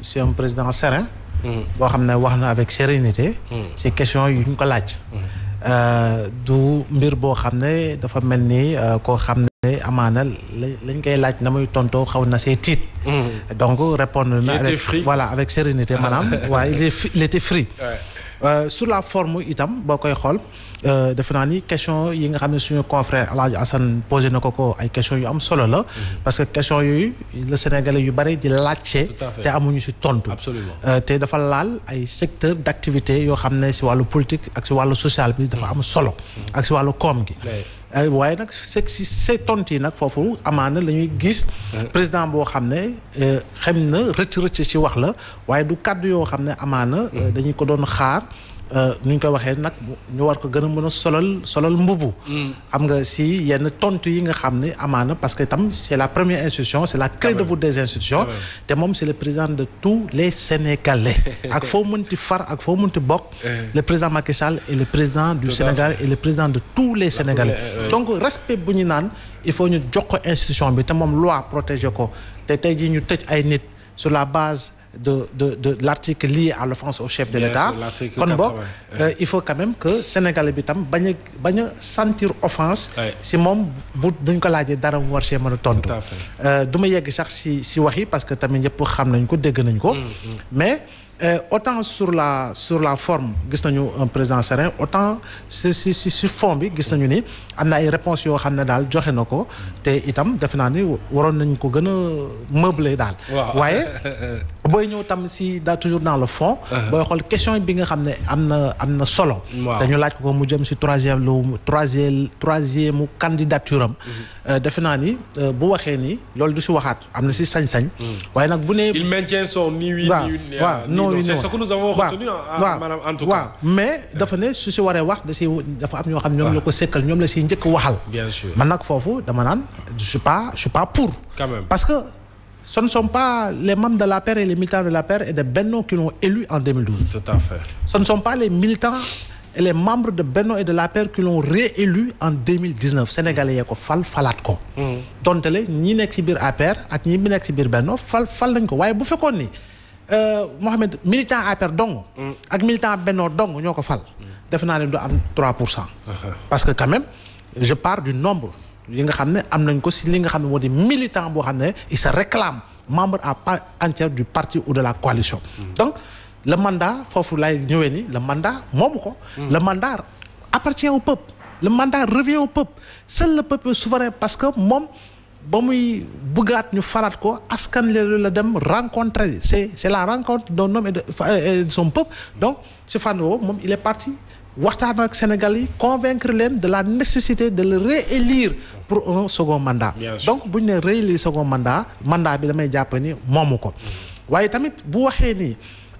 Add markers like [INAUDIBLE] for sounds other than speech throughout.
c'est président serein. Hmm. boo xam ne wax na avec sérénité. Hmm. ci question yu ñu ko laaj. Hmm. Euh, du mbir boo xam ne dafa mel ni euh, koo xam ne amaana lañ koy laaj na muy tontoo xaw na see tiit. donc répondre na avec voilà avec sérénité maanaam. waaye ah. il était il était free. sur la forme itam boo koy xool. Euh, defe naa ni question yi nga xam ne suñu confrère Alaaji Assane posé na ko ko ay question yu am solo la mhm. parce que question yooyu le Sénégalais yu bëri di laajte te amuñu si tontu euh, te dafa laal ay secteur d' activité yoo xam ne si wàllu politique ak si wàllu sociale bi dafa am solo mhm. ak si wàllu koom gi euh, waaye nag seg si see yi nag foofu amaana la ñuy gis président boo xam ne xam na rëcc rëcc ci wax la waaye du kàddu yoo xam ne amaana mhm. dañu ko doon xaar Euh, nu ñu koy waxee nag ñu war ko gën a mën a solal solal mbubu. Mm. am nga si yenn tontu yi nga xam ne amaana parce que tam c' est la première institution c' est la clé ah de voûte des institutions. Ah te moom c' est le président de tous les sénégalais. [LAUGHS] ak foo mënti far ak foo mënti bokk. Eh. le président Macky Sall est le président du Sénégal et le président de tous les sénégalais. Eh, donc respect bu ñu naan il faut ñu jox ko institution bi te moom loi protéger ko te tey jii ñu tëj ay nit sur la base. de de de l'article lié à l'offense au chef de l'État kon boog euh, il faut quand même que Sénégalais bi tam bañ a bañ a sentir offense si moom bu dañ ko laajee dara mu war see a tontu euh, du ma yegg sax si si wax yi parce que tamit ñëpp xam nañ ko dégg nañ ko mm, mm. mais Euh, autant sur la sur la forme gis nañu un président serein autant si si si fond bi gis nañu ni am na ay réponses yoo xam ne daal joxe na ko te itam defe naa ni waroon nañ ko gën a meubler daal waaye [LAUGHS] booy ñëw tam si daa toujours dans le fond. Uh-huh. booy xool question bi nga xam ne am na am na solo. dañu laaj ko mu jëm si troisième lu troisième troisième mu candidature am. Mm-hmm. Euh, defe naa ni euh, bu waxee ni loolu du si waxaat am na si sañ-sañ. Mm. waaye nag bu ne il maintient son ni oui ni waaw non non c'est ce nous avons retenu. Ah, mais dafa ne su si waree wax da si dafa am ñoo xam ñoom ah. la ko sekkal ñoom la siy njëkk waxal. bien man nag foofu dama naan je pas je pas pour. parce que. ce ne sont pas les membres de la paire et les militants de la paire et de Benno qui l'ont élu en Ce ne sont pas les militants les membres de Benno et de la paire qui l'ont réélu en 2019 sénégalais yee ko fal falaat ko. Hmm. donte le ñi nekk ci biir APR ak ñii ñi nekk ci biir Benno fal fal nañ ko waaye bu fekkoon ni euh, Mohamed militant APR dong. Hmm. ak militant Benno dong ñoo ko fal. Hmm. def naa ne du am 3 pour cent. [LAUGHS] parce que quand même je pars du nombre. yi nga xam ne am nañ ko si li nga xam ne moo di militant boo xam ne il se réclame membre à part entière du parti ou de la coalition. Mm. donc le mandat foofu lay ñëwee ni le mandat moomu ko. Mm. le mandat appartient au la le mandat revient au peuple seul le peuple est souverain parce que moom ba muy bëggaat ñu faraat ko askan leen la dem rencontrer c'est c'est la rencontre d'un homme et de son peuple donc si fànn woowu moom il est parti. waxtaan ak Sénégal yi convaincre leen de la nécessité de le réélire pour un second mandat donc bu ñu ne réélire second mandat mandat bi damay jàpp ni moomu ko waaye tamit bu waxee ni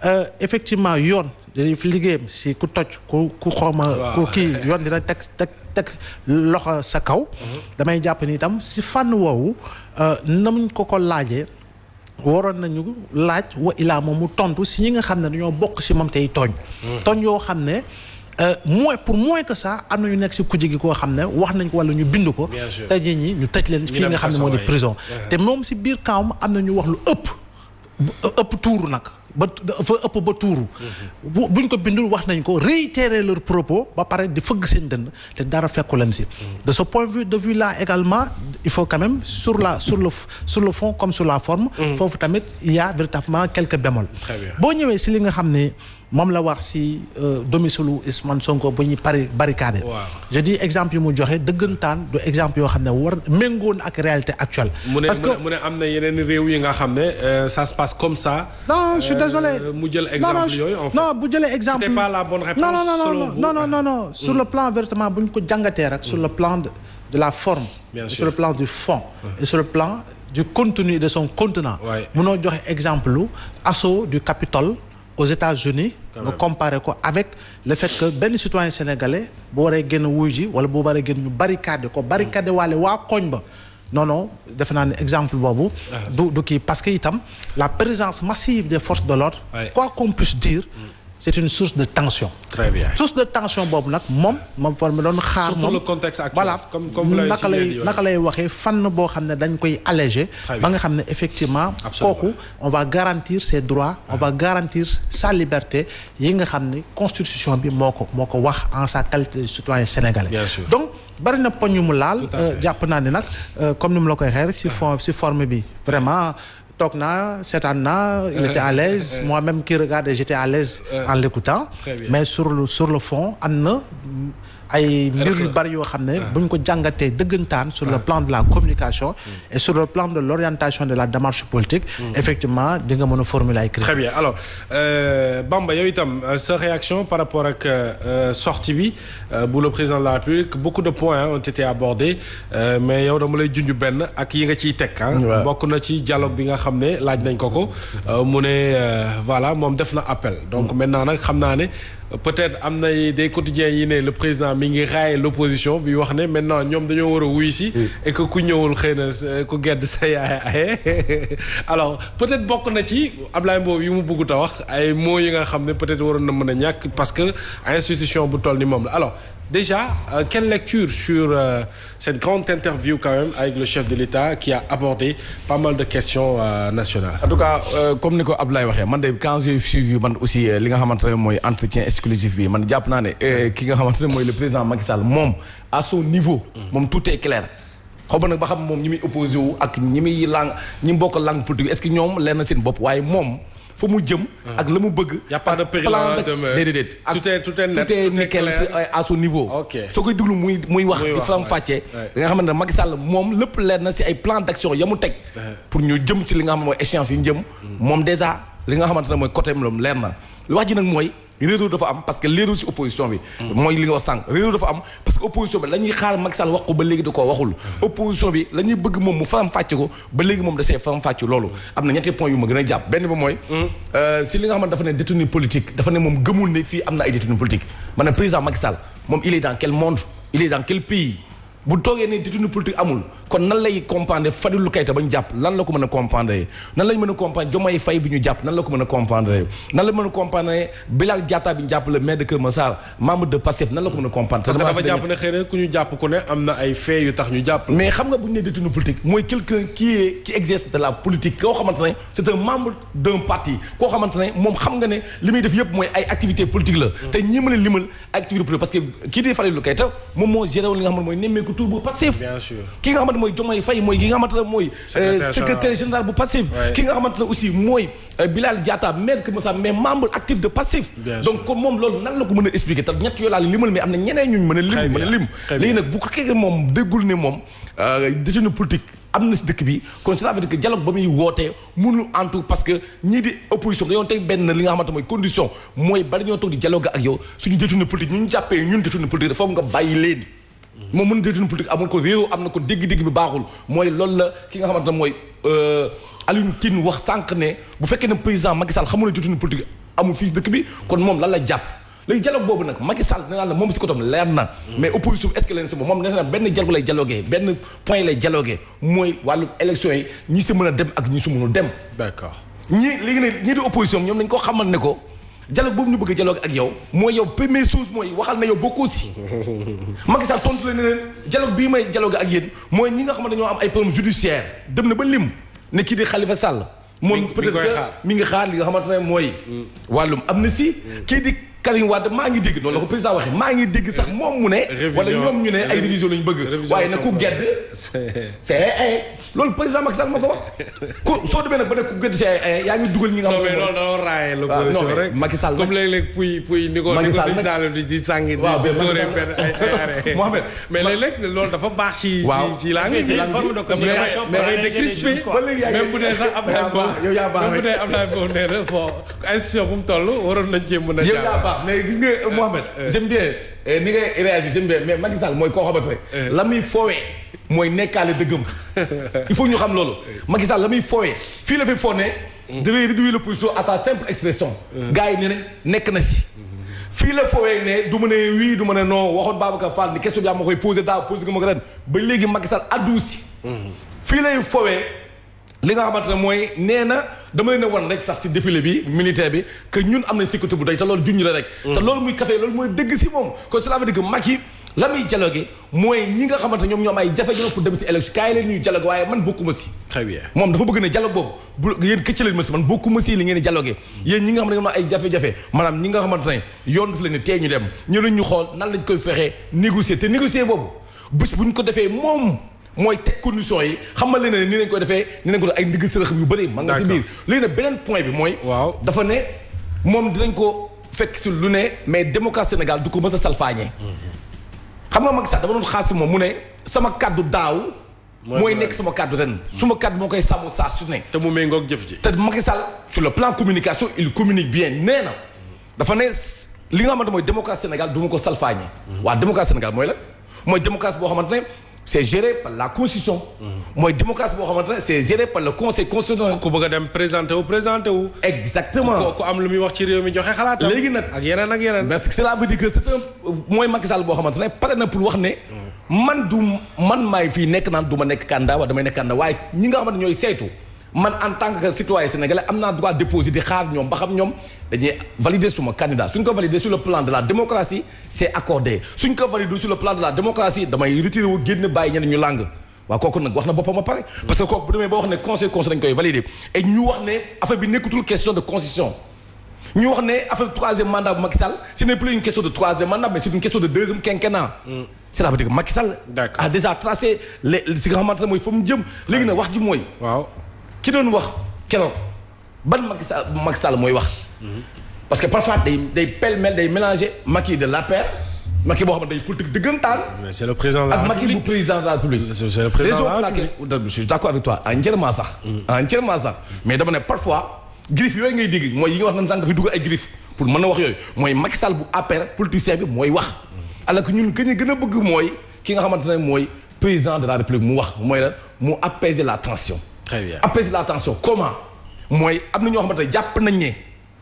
euh, effectivement yoon dañuy fi liggéeyam si ku toj ku ku xawma ku kii yoon dina teg teg teg loxo sa kaw mhm. damay jàpp ni itam si fànn woowu euh, namuñ ko ko laajee waroon nañu laaj wa illaa moom mu tontu si ñi nga xam ne dañoo bokk si moom tey tooñ mhm. tooñ yoo xam ne Euh, moins pour moins que sax am na ñu nekk si kujje gi koo xam ne wax nañ ko wala ñu bind ko. tey jii ñi ñu tëj leen fii nga xam ne moo di prison. Uh-huh. te moom si biir kawam am na ñu wax lu ëpp. ëpp tuuru nag ba fa ëpp ba tuuru. Uh-huh. buñ ko bindul wax nañ ko réitérer leur propos ba pare di fëgg seen dënn te dara fekku leen si. Uh-huh. de ce point de vue de vue là également il faut quand même sur la sur le sur fond comme sur la forme. foofu tamit il y a véritablement quelques bémols. boo ñëwee si li nga xam ne. moom la wax si euh, domicile man Sonko bu ñuy pari barricade je dis exemple yu mu joxe dëggantaan du exemple yoo xam ne war méngoon ak réalité actuelle. parce que mu ne am na yeneen réew yi nga xam ne euh, ça se passe comme ça. non je euh, désolé mu jël exemple yooyu. en fait bu jëlee exemple c'était pas la bonne réponse. selon vous non non non non [LAUGHS] sur le plan véritablement bu ko jàngatee rek. su le mm. plan de la forme. bien sûr sur le plan du fond. et le plan du contenu de son contenant. munoo joxe exemple lu asso du Capitole. aux États-Unis nga comparé ko avec le fait que benn citoyen sénégalais bu waree génn wuy ji wala bu waree génn ñu barricade ko barricade waale waa koñ ba noono def defe naa ne exemple boobu ah. du kii parce que itam la présence massive des forces de l'ordre quoi qu'on puisse dire mm. c'est une source de tension. très bien source de tension boobu nag moom moom fa ma doon xaar. surtout le contexte actuel comme comme lay waxee fànn boo xam ne dañ koy alléger. ba nga xam ne effectivement. kooku on va garantir ses droits. on va ah. garantir sa liberté yi nga xam ne constitution bi moo ko moo ko wax en sa qualité de citoyen sénégalais. bien sûr donc bari na mu laal. Euh, jàpp naa ne nag euh, comme ni la koy xeer si ah. si forme bi vraiment. toog naa seetaan naa il était à l'aise [LAUGHS] moi-même qui regardais j'étais à l'aise en l'écoutant mais sur le sur le fond am na ay mbir bari yoo xam ne ah. buñ ko jàngatee dëggantaan sur le ah. plan de la communication et sur le plan de l'orientation de la démarche politique hmm. effectivement di nga mën a formuler ay très bien alors euh, Bamba yow itam euh, sa réaction par rapport ak euh, sortie bi bu le président de la République beaucoup de points ont été mais yow dama lay junj benn ak yi nga ciy teg ah bokk na ci dialogue bi nga xam ne laaj nañ ko ko mu ne voilà moom def na appel donc hmm. maintenant nag xam naa ne peut-être am na des quotidiens yi ne le président mi ngi raaye l'opposition bi wax ne maintenant ñoom dañoo war a wuy si et ku ñëwul xëy na ku gedd sa yaay [LAUGHS] aye alors peut-être bokk na ci Ablaye Mbow yi mu bëggut a wax ay mots yi nga xam ne peut-être waroon na mën a ñàkk parce que institution bu toll ni moom la alors Déjà, euh, quelle lecture sur euh, cette grande interview quand même avec le chef de l'État qui a abordé pas mal de questions euh, nationales. En tout cas euh, comme ni ko Abdoulaye waxee man de quand j'ai suivi man aussi euh, li nga xamante ne mooy entretien exclusif bi man jàpp naa ne euh, ki nga xamante ne mooy le président Macky Sall moom à son niveau. moom tout est clair. xaw ma nag ba xam moom ñi muy opposé wu ak ñi muy langue ñi mu bokk langue politique est-ce que ñoom leer na seen bopp waaye moom. fa mu jëm. Hmm. ak la mu bëgg. y' a pas de péril déedéet déedéet. tout est tout est net tout est nickel niveau. soo koy déglu muy wax. di faram fàccee. nga xamante ne Macky Sall moom lépp leer na si ay plan d' action ya mu teg. pour ñu jëm ci li nga xam mooy échéance yi ñu jëm. Hmm. moom dèjà li nga xamante ne mooy côté am leer na wax ji nag mooy. réeróo dafa am parce que léerul si opposition bi mooy li nga wax sànq réeróo dafa am parce que opposition bi la bëgg moom mu faram fàcce ko ba léegi moom da see faram fàcce loolu am na ñetti point yu ma gën a jàpp benn ba mooy hmm. euh, si li nga xamante dafa ne détenu politique dafa ne moom gëmul ne fii am na ay détenu politique maanaam président Macky Sall moom il est dans quel monde il est dans quel pays bu toogee ne détenu politique amul kon nan lay comprendre Fadilou Keita ba ñu jàpp lan la ko mën a comprendre nan lañ mën a comprendre Diomaye Faye bi ñu jàpp la ko mën a comprendre nan la la mën a comprendre parce ne moom xam nga ne li muy def yëpp mooy ay activité politique la mm. te ñi mën a limal activité politique parce que kii di Fadilou Keita moom moo géré li nga xam ne mooy nemmeeku nekk tur bu passif. bien sûr ki nga xamante mooy Diomaye Faye mooy ki nga xamante ne mooy. Euh, secrétaire général bu passif. ki nga xamante mooy euh, Bilal Diatta maire Keur Massar mais membre actif de passif. donc kon moom loolu nan la ko mën a expliquer te ñett yoo laal limal mais am na ñeneen ñu mën a lim. mën a lim léegi nag bu ko kii moom déggul ne moom euh, am na si dëkk bi kon cela veut dire que dialogue ba muy wootee nga xamante mooy condition mooy bari ñoo toog di dialogue ak yow suñu détourné ñu ñu jàppee ñun détourné politique foog nga bàyyi moom mën déetun politique amul ko réew am na ko dégg-dégg bi baaxul mooy loolu la ki nga xamante ne mooy euh, Alioune Tine wax sànq ne bu fekkee ne président Macky Sall xamul ne déetun politique fii dëkk bi kon moom lan la jàpp léegi dialogue boobu nag Macky Sall nee naa la moom si kotom leer na mais opposition est-ce que moom moom na benn dialogue lay dialogué benn point lay dialogué mooy wàllu élection yi ñi si mën a dem ak ñi si mënul dem d'accord ñi léegi ne ñii di opposition ñoom nañ ko xamal ne ko dialogue boobu ñu bëgg jaloog ak yow mooy yow première chose mooy waxal na yow bokkoo si [LAUGHS] Macky Sall tontu la ne leen dialogue bii may dialogue ak yéen mooy ñi nga xam ne ñoo am ay problème judiciaire dem na ba lim ne kii di xalifa Sall moom peut-être mi ngi xaar li nga xamante ne mooy mm. wàllum am na si kii di Karim Wade maa ngi dégg noonu la ko président waxee maa ngi dégg sax moom mu ne. wala ñoom ñu ne ay révision lañu bëgg. waaye na ku gedd. c' est ay loolu président Macky Sall moo ko wax ku soo demee nag ba ne ku gedd si ay ay yaa ngi dugal ñi nga. xam ne loolu dañoo raayee l'opposition rek Macky Sall comme léeg-léeg puy puy ni ko ni ko sëñ Sall di di sàngi. waaw di dóoree benn ay ay [LAUGHS] Mohamed mais léeg-léeg loolu dafa baax ci. waaw ci langue bi forme de communication. mais mais décrispé même bu dee sax Abdoulaye Mbow. yow yaa baax rek même bu dee Abdoulaye Mbow nee na bon institution bu mu toll waroon nañ cee mën a mais gis nga euh, Mohamed. Euh. j'aime bien euh, ni ngay réagir j'aime bien mais Macky Sall mooy koo xamante ne. la muy foowee mooy nekkaale dëggam [LAUGHS] il faut ñu xam loolu. Macky Sall la muy foowee fii la fi foo ne. Mm. dafay réduire à sa simple expression. gars yi ne ne nekk na si. Mm-hmm. fii la foowee ne du ma ne oui du ma ne non waxoon Babacar Fall ni question bi yaa ma koy posé daaw posé nga a ko ren ba léegi Macky Sall addu si. Mm-hmm. fii lay foowee. li nga xamante ne mooy nee na dama leen wan rek sax si défilé bi militaire bi que ñun am nañ sécurité bu doy te loolu junj la rek. te loolu muy café loolu mooy dëgg si moom kon cela veut dire que mooy ñi nga xamante ñoom ñoom ay jafe pour dem si élection kaay leen ñuy dialogue waaye man bokkuma si. très bien dafa bëgg ne dialogue boobu bu yéen këcc leen ma si man bokkuma si li ngeen di dialogué ay jafe-jafe maanaam nga xamante ne yoon ne tee ñu dem ñu ñu xool nan lañ koy fexee négocier te négocier boobu bés bu ñu ko defee moom mooy teg condition yi xamal leen ne ni lañ ko defee ni lañ ko def ay ndigg sërëx yu bëri man nga si biir léegi nag beneen point bi mooy waaw dafa ne moom dinañ ko fekk si lu ne mais démocratie Sénégal du ko mës a salfaañee mhm. xam nga Macky Sall dafa doon xaas moom mu ne sama kàddu daaw mooy nekk sama kàddu ren suma kàddu moo koy sàmm saa su ne te mu méngoog jëf ji te Macky Sall sur communication il communique bien nee na dafa ne li nga xamante mooy démocratie Sénégal du ma ko salfaañee mhm. waa démocratie Sénégal mooy la mooy démocratie boo xamante ne c' est géré par la constitution. Mhm. mooy démocratie boo xamante ne c' est géré par le conseil constitutionnel. ku bëgg a dem présenté wu présenté wu. exactement ku am lu muy wax ci réew mi joxe xalaatam. léegi nag ak yeneen ak yeneen. parce que cela veut dire que c' est un mooy Macky Sall boo xamante ne pare na pour wax ne. Mhm. man du man maay fii nekk naan du ma nekk candidat wala damay nekk candidat waaye ñi nga xamante ñooy saytu. man en tant que citoyen sénégalais am naa droit déposer di xaar ñoom ba xam ñoom dañuy valider suma candidat suñ ko valider sur le plan de la démocratie c'est accordé suñ ko valider sur le plan de la démocratie damay retiré wu génn bàyyi ñeneen ñu làng waaw kooku nag wax na boppam ba pare. parce que kooku demee ba wax ne conseil conseil dañ koy valider et ñu wax ne affaire bi nekkatul question de constitution ñu wax ne affaire troisième mandat bu Macky Sall ce n'est plus une question mm. a déjà ne mooy fa mu jëm. léegi nag wax ji mooy. ki doon wax keroog ban Macky Sall mooy wax. parce que parfois day day pêle-mêle day mélanger Macky de l'APR Macky boo xam ne day politique dëggantaan. mais c'est le président de la République ak Macky bu président mm. dama ne parfois griffes yooyu ngay dégg mooy yi nga wax ne sànq fi dugal ay griffes pour mën a wax yooyu mooy Macky Sall bu APR politicien bi mooy wax. Mm. alors que ñun ki gën a bëgg mooy ki nga xamante ne mooy président de la République mu wax mooy la mu apaiser la tension. très bien apaiser la tension comment mooy am na ñoo xamante ne jàpp nañ ne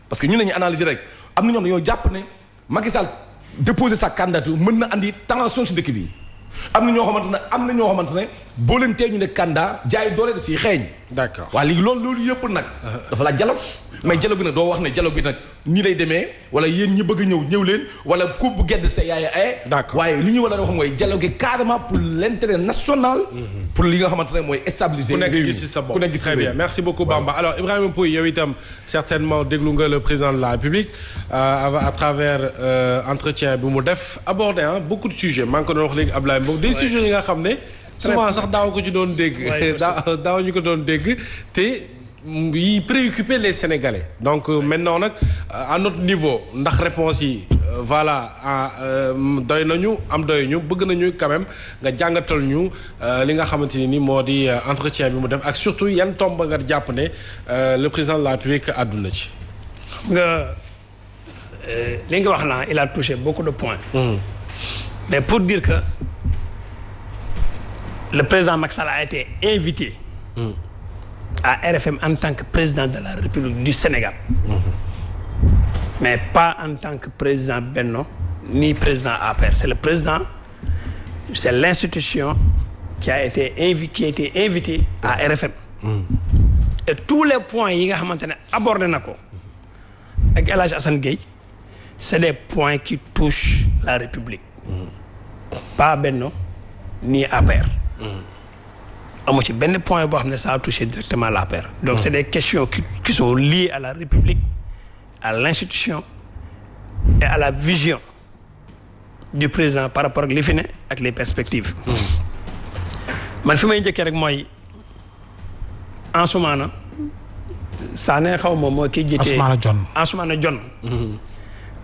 parce que ñu ne ñu analyser rek am na ñoo xam ñoo jàpp ne Macky Sall déposer sa candidature mën na andi tension si dëkk bi am na ñoo xamante ne am na ñoo xamante ne boo leen tee ne Kanda jaay doole si siy xeeñ. d'accord waaw léegi loolu loolu yëpp nag. Uh-huh. dafa la dialogue. mais dialogue bi nag doo wax ne dialogue bi nag nii lay demee wala yéen ñi bëgg ñëw ñëw leen wala ku bu gedd sa yaay a d'accord waaye li ñu war a wax mooy dialogue carrément pour l'intérêt national. Mm-hmm. pour li nga xamante ne mooy stabiliser. réew mi ku nekk gis sa bopp ku nekk gis si sa bopp très bien merci beaucoup Bamba alors Ibrahima Pouye itam certainement déglu nga le président de la République euh, a travers euh, entretien bi mu def aborder ah beaucoup de sujets maa ngi wax léegi Ablaye Mbow. des sujets yi nga xam ne souvent sax daaw ko ci doon dégg [LAUGHS] daaw ñu ko doon dégg te yi préoccuper les sénégalais donc euh, maintenant nag euh, à notre niveau ndax réponse yi euh, voilà ah, doy nañu am doy ñu bëgg nañu quand même nga jàngatal ñu li nga xamante ni moo di entretien bi mu def ak surtout yan tomb nga jàpp ne le président de la République àdduna ci nga li nga wax naa il a touché beaucoup de point hmm. pour dire que le président Macky Sall a été invité mmh. à RFM en tant que président de la République du Sénégal mais pas en tant que président Benno ni président APR c'est le président c'est l'institution qui a été invi à RFM mmh. et tous les points yi nga xamante ne abordé na ko ak El Hadj Assane Gueye c'est des points qui touchent la République pas Benno ni APR Mm. amu ci benn point boo xam ne ça a touché directement l'APR donc c'est des questions qui, qui sont à la République à l'institution et à la vision du président par rapport ak li fi ne ak les perspectives mm. man fi may njëkkee rek mooy Ansoumana Sané xaw ma mooy kii jiite Ansoumana Dione Ansoumana Dione mm-hmm.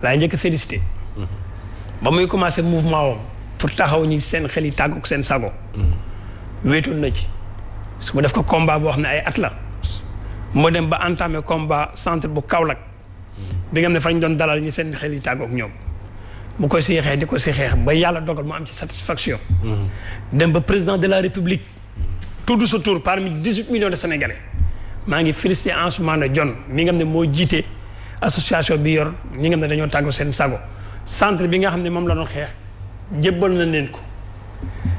laay njëkk félicité mm-hmm. ba muy commencé mouvement wam pour taxaw ñi seen xel yi tàggu seen sago mm-hmm. wéetoon na ci su mu def ko combat boo xam ne ay at la moo dem ba entamé combat centre bu Kaolack bi nga xam ne fañ doon dalal ñu seen xel yi tàggook ñoom bu koy si xeex di ko si xeex ba yàlla dogal mu am ci satisfaction mm-hmm. dem ba président de la république tout de sa tour parmi dix-huit millions de sénégalais maa ngi félicité Ansoumana Dione mi nga xam ne moo jiite association bi yor ñi nga xam ne dañoo tàggoo seen sago centre bi nga xam ne moom la doon xeex jébbal na leen ko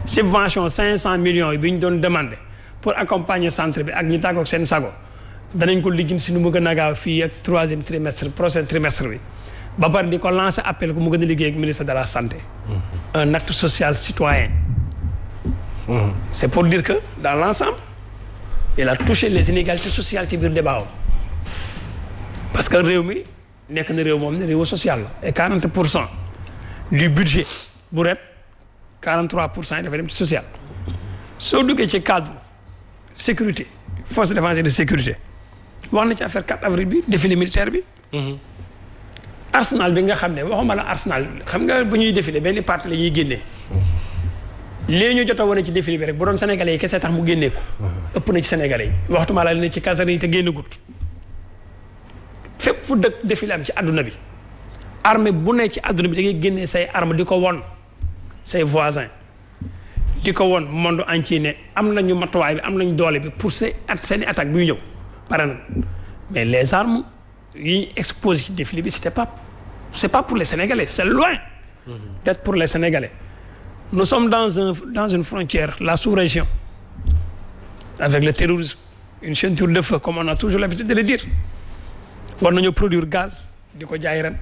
subvention 500 millions bi ñu doon demandé pour accompagner centre bi ak ñu tàggoog seen sago danañ ko liggéey si nu mu gën a gaaw fii ak troisième trimestre prochain trimestre bi ba pare di ko lancer appel ko mu gën a liggéey ak ministre de la santé. Mm-hmm. un acte social citoyen. Mm-hmm. c' est pour dire que dans l' ensemble il a touché les inégalités sociales ci biir débat parce que réew mi nekk na réew moom ne réewu social la et 40 pour cent du budget bu ret 43 pour cent yi ci social soo duggee ci cadre sécurité force de défense de sécurité wax na ci affaire 4 avril bi défilé militaire bi. Mhm. arsenal bi nga xam ne ma la arsenal xam nga bu ñuy défilé benn parti la ñuy génnee. léegi ñu jot a wane ci défilé bi rek bu doon sénégalais yi kese tax mu génnee ko. Mhm. ëpp na ci sénégalais yi waxtuma la ne ci caserne yi te génn gut fépp fu défilé am ci àdduna bi armée bu ne ci àdduna bi da ngay génnee say arme di ko won say voisin di ko woon monde entier ne am nañu matuwaay bi am nañu doole bi pour seen at seen i attaque bi ñëw pare na mais les armes yi ñu exposé ci défilé bi c'était pas c'est pas pour les sénégalais c'est loin mhm. d'être pour les sénégalais nous sommes dans un dans une frontière la sous-région avec le terrorisme une ceinture de feu comme on a toujours l'habitude de le dire war na ñu produir gaz di ko jaay ren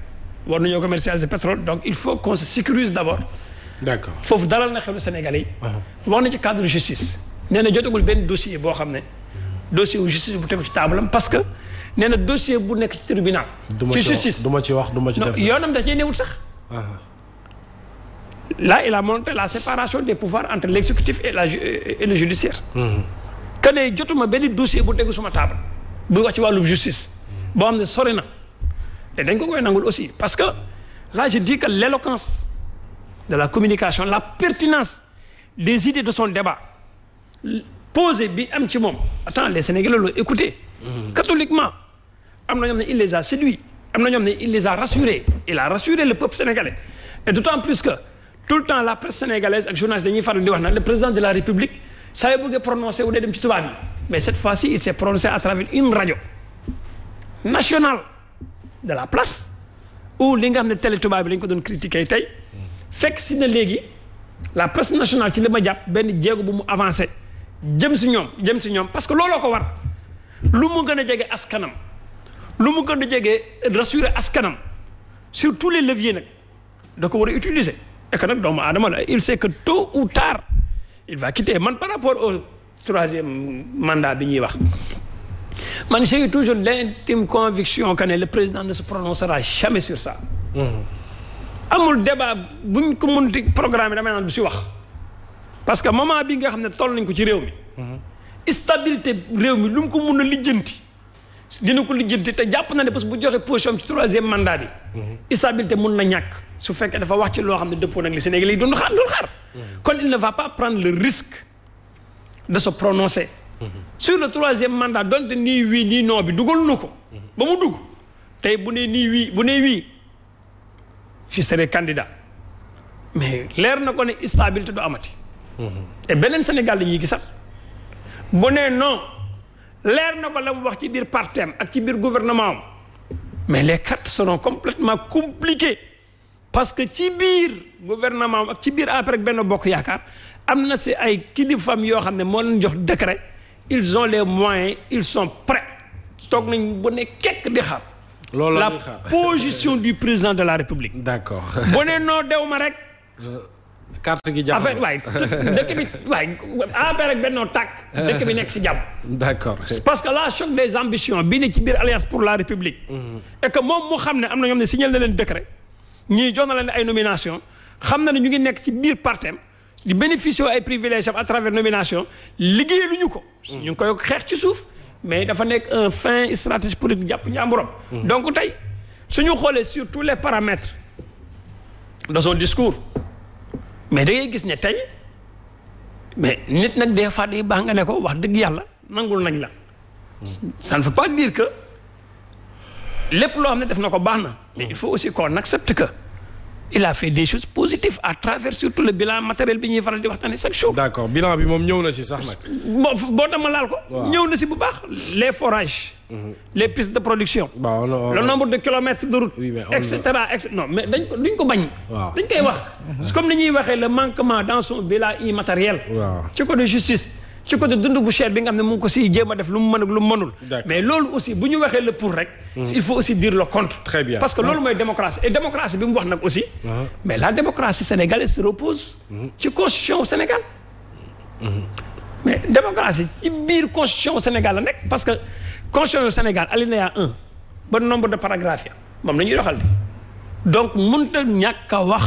war nañoo commercialiser pétrole donc il faut qu'on se sécurise d'abord d'accord foofu dalal na xelu Sénégalais yi. wax na ci cadre justice. neena na jotagul benn dossier boo xam ne dossier wu justice bu tegu ci table parce que nee na dossier nekk ci tribunal. ci justice du ma ci wax duma ci def. yoonam da cee newul sax. Ah. là il a montré la séparation des pouvoirs entre l'exécutif et la et le judiciaire. Mm-hmm. que jotuma benn dossier bu tegu suma table. bu wax ci wàllum justice. boo xam ne sori na. dañ ko koy nangul aussi parce que laa je dis que l'éloquence de la communication la pertinence des idées de son débat posé bi am ci moom attends les Sénégalais l'ont écouté mhm. catholiquement am na ñoom na il les a séduits am na ñoom ne il les a rassurés il a rassuré le peuple sénégalais et d'autant plus que tout le temps la presse sénégalaise ak journaliste dañuy faral di wax na le président de la république saa yu bëggee prononcé wu dee dem ci tubaab yi mais cette fois-ci il s'est prononcé à travers une radio nationale de la place où li nga xam ne télé tubaab bi lañ ko doon critiquer tey fekk si na léegi la presse nationale ci la ma jàpp benn jéego bu mu avancé jëm si ñoom jëm si ñoom parce que looloo ko war lu mu gën a jege askanam lu mu gën a jege rassurer askanam sur tous les leviers nag da ko war a utiliser et que nag doomu aadama la il sait que tôt ou tard il va quitter man par rapport au troisième mandat bi ñuy wax man j'ai toujours l'intime conviction que ne le président ne se prononcera jamais sur ça. Mm-hmm. amul bu buñ ko munti programme damay naan du si wax parce que moment bi nga xam ne toll nañ ko ci réew mi stabilité réew mi lu mu ko mun a lijjanti dina ko lijjanti te jàpp na ne parce que bu joxe position ci troisième mandat bi mhm. stabilité mun na ñàkk su fekkee dafa wax ci loo xam ne dëppoo nag li Sénégalais yi doon xaar doon xaar mhm. kon il ne va pas prendre le risque de se prononcer mhm. sur le troisième mandat nii wii nii non bi dugal na ko ba mu dugg tey bu nee nii wii bu nee wii je serai candidat mais leer na ko ne stabilité du amati. et beneen Sénégal di ñuy gisal. bu nee non leer na ko la mu wax ci biir partem ak ci biir gouvernement am mais les cartes seront complètement compliquées parce que ci biir gouvernement am ak ci biir après benn bokk yaakaar am na si ay kilifam yoo xam ne moo leen jox décret ils ont les moyens ils sont prêts toog nañ bu ne kekk di xaar. loolu la position du président de la république. d'accord bu ne noo dew ma rek. carte gi jàpp affaire waay dëkk bi waay affaire ak bennoo tàkk. dëkk bi nekk si jàmm. d'accord parce que la choc des ambitions bi ci biir alliance pour la république. Mm-hmm. et que moom mu xam ne am na ñoom ne signal na leen décret ñii jox na leen ay nomination xam na ne ñu ngi nekk ci biir partem di bénéficier ay privilèges am à travers nomination ñu ko. ñu ngi koy xeex ci suuf. mais dafa nekk un fin stratégie politique jàpp njàmburam mhm. donc tey suñu xoolee sur tous les paramètres de son discours mais da ngay gis ne tey mais nit nag des fois day baax nga ne ko wax dëgg yàlla nangul nañ la sant ne veut pas dire que lépp loo xam ne def na ko baax na mais il faut aussi nag sept que il a fait des choses positives à travers surtout le bilan matériel bi ñuy faral di waxtaanee chaque jour. bilan bi moom ñëw na ci sax nag. boo boo laal ko. ñëw na ci bu baax les forages. Mhm. les pistes de production. le nombre de kilomètres de route. et cetera et non mais dañ ko duñ ko bañ. dañ koy wax. Mhm. comme ni ñuy waxee le manquement dans son bilan immatériel. ci code de justice. ci côté dund bu cher bi nga xam ne mu ngi ko siy jéem a def lu mu mën ak lu mu mënul mais loolu aussi bu ñu waxee le pour rek hmm. il faut aussi dire le contre parce que loolu mooy démocratie démocratie bi mu wax nag aussi ah. mais la démocratie sénégalaise se repose hmm. ci constitution Sénégal hmm. mais démocratie ci biir constitution Sénégal la nekk parce que constitution Sénégal alinéa 1 ba nombre de paragraphes ya moom la ñuy doxal bi donc mënut a ñàkk wax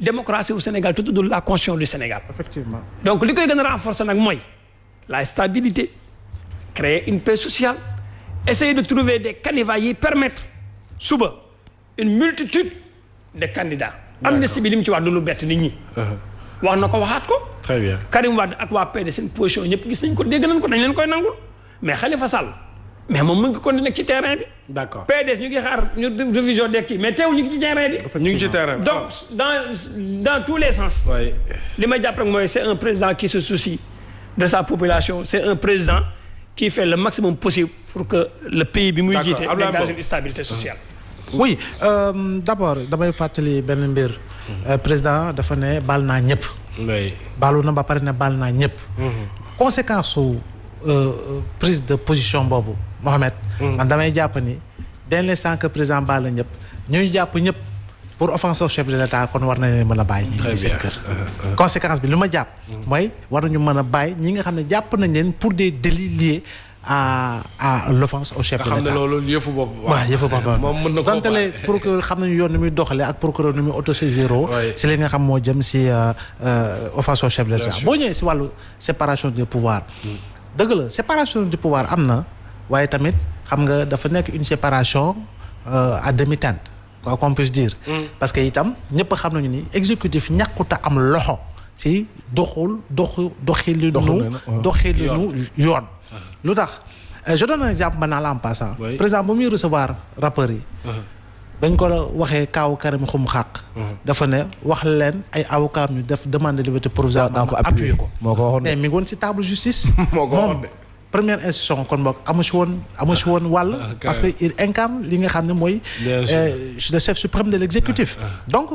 démocratie au Sénégal te tuddul la constitution du Sénégal. effectivement donc li koy gën a renforcer nag mooy la stabilité créer une paix sociale essayer de trouver des candidats yi permettre suba une multitude de candidats. amnistie bi li mu ci wax du lu bett nit ñi. Uh-huh. wax na ko waxaat ko. très bien Karim Wade ak waa PDS seen position ñëpp gis nañ ko dégg nañ ko dañ leen koy nangul mais Khalifa Sall. mais moom mu ngi kon nekk ci terrain bi. d' accord PDS ñu ngi xaar ñu révision des kii mais teew ñu ngi ci terrain bi. donc dans dans tous les sens. li ma jàpp rek mooy c' un président qui se soucie de sa population c' est un président qui fait le maximum possible pour que le pays bi muy jiite. nekk dans une stabilité sociale. Mmh. oui euh, d' abord damay fàttali benn mbir. Mmh. Euh, président dafa ne baal naa ñëpp. baalu na ba pare ne baal naa ñëpp. Mmh. conséquence Euh, prise de position boobu Mohamed hmm. man damay jàpp ni dès l'instant que président baal na ñëpp ñuy jàpp ñëpp pour offense au chef de kon war na leen mën a bàyyi ñi euh, euh, bi lu ma jàpp hmm. mooy war nañu mën a bàyyi ñi nga xam ne jàpp nañ leen pour des délits liés à à l'offense au chef de mën na ko donte le procureur xam nañu yoon ni muy doxale ak procureur ni muy autosaisir si li nga xam moo jëm si offense au chef de l'État boo ñëwee si wàllu séparation des pouvoirs hmm. dëgg la séparation du pouvoir am na waaye tamit xam nga dafa nekk une séparation euh, à demi-teinte mm. parce que itam ñëpp xam nañu ni exécutif ñàkkuta am loxo si doxul doxu doxilinu. doxilinu yoon ah. lu tax euh, je donne un exemple banal en passant. par exemple bu muy recevoir rappeurs yi. Ah. dañ ko waxee kaaw Karim Xrum Xax. Mhm. dafa ne wax leen ay avocat ñu def demande de liberté provisoire. daa ko appuyé ko moo ko mi ngi si table justice. [LAUGHS] moo ko waxoon de première institution kon boog amu si woon amu si woon wàll. Ah, parce que il incarne li nga xam ne mooy. Euh, le chef suprême de l' exécutif ah, ah. donc